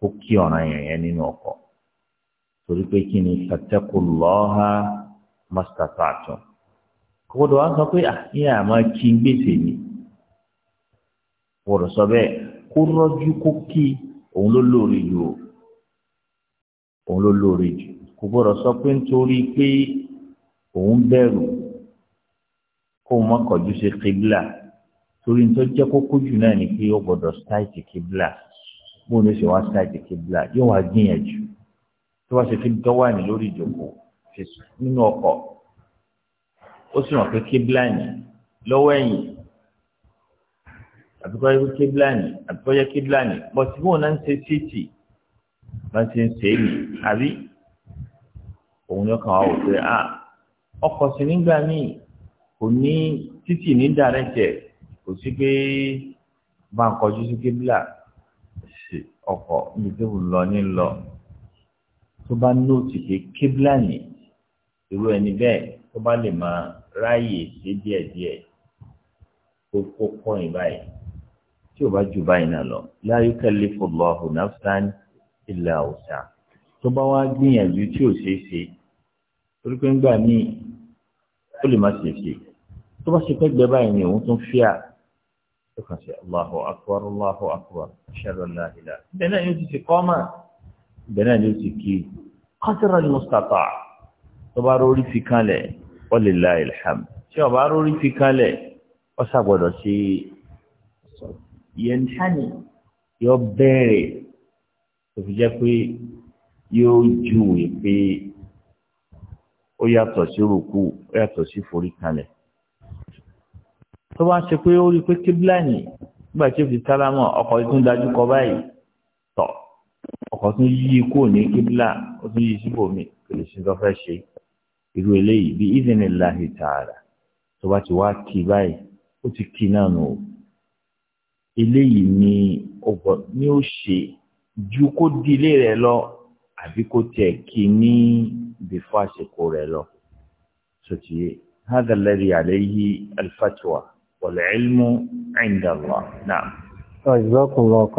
kó kí ọ̀ràn yẹn yẹn nínú ọkọ̀ torí pé kí ni fattaqullaha mastata'tum kókòdò wa sọ pé àyà ah, máa kí gbèsè ni wọ́n sọ bẹ́ẹ̀ kó rọ́jú kó kí òun ló lóore jù o òun ló lóore jù kò gbọ́dọ̀ sọ pé nítorí pé òun bẹ̀rù kó o má sí kíbla torí nítorí jẹ́ kókó jù náà ni pé ó gbọ́dọ̀ ṣáìtì kíbla bóun ló ṣe wá ṣáàjì kíbla yóò wá gbìyànjú tó bá ṣe fi dọ́wà ní lórí ìjókòó nínú ọkọ̀ ó sì hàn pé kíbla ní lọ́wọ́ ẹ̀yìn àbíkọ́ yẹ kíbla ní àbíkọ́ yẹ kíbla ní bọ́sí bóun náà ń ṣe síìtì bá ń ṣe ń ṣe é nì àbí òun ni ọkàn wa wò pé a ah, ọkọ̀ sí nígbà míì kò ní títì ní dàrẹ́tẹ̀ kò sí pé bá ń kọjú sí kíbla ọkọ̀ ibi tó wù lọ ní lọ tó bá nóòtù pé kébìlà ní irú ẹni bẹ́ẹ̀ tó bá lè máa ráàyè ṣe díẹ̀díẹ̀ kó kó kọ́yìn báyìí tí ò bá ju báyìí náà lọ la yukallifu Allahu nafsan illa wus'aha tó bá wá gbìyànjú tí ò ṣeé ṣe torí pé ńgbà míì ó lè má ṣeé ṣe tó bá ṣe pẹ́ gbẹ báyìí ni òun tún fíà tó kàn sí Allahu akbar Allahu akbar ashhadu an la ilaha bẹ́ẹ̀ náà yóò ti ti kọ́mà bẹ́ẹ̀ náà yóò ti kí qadra al-mustata' tó bá rórí fi kanlẹ̀ walillahi alhamd tí ó bá rórí fi kanlẹ̀ ó ṣàgbọ́dọ̀ sí yẹn tani yóò bẹ̀rẹ̀ tó fi jẹ́ tó bá ṣe pé ó rí pé kíbílà ní nígbà tí ó fi sálámọ̀ ọkọ̀ tún dájú kọ báyìí tọ̀ ọkọ̀ tún yí kúrò ní kíbílà ó tún yí síbò mi kò lè ṣe tó fẹ́ ṣe irú eléyìí bí ìdíniláhi tààrà tó bá ti wá kí báyìí ó ti kí náà nù eléyìí ni ọgbọ ni ó ṣe ju kó di ilé rẹ lọ àbí kó tiẹ̀ kí ní bífọ́ àsìkò rẹ lọ sọtì hadha alladhi alayhi wal ilmu inda Allah náà.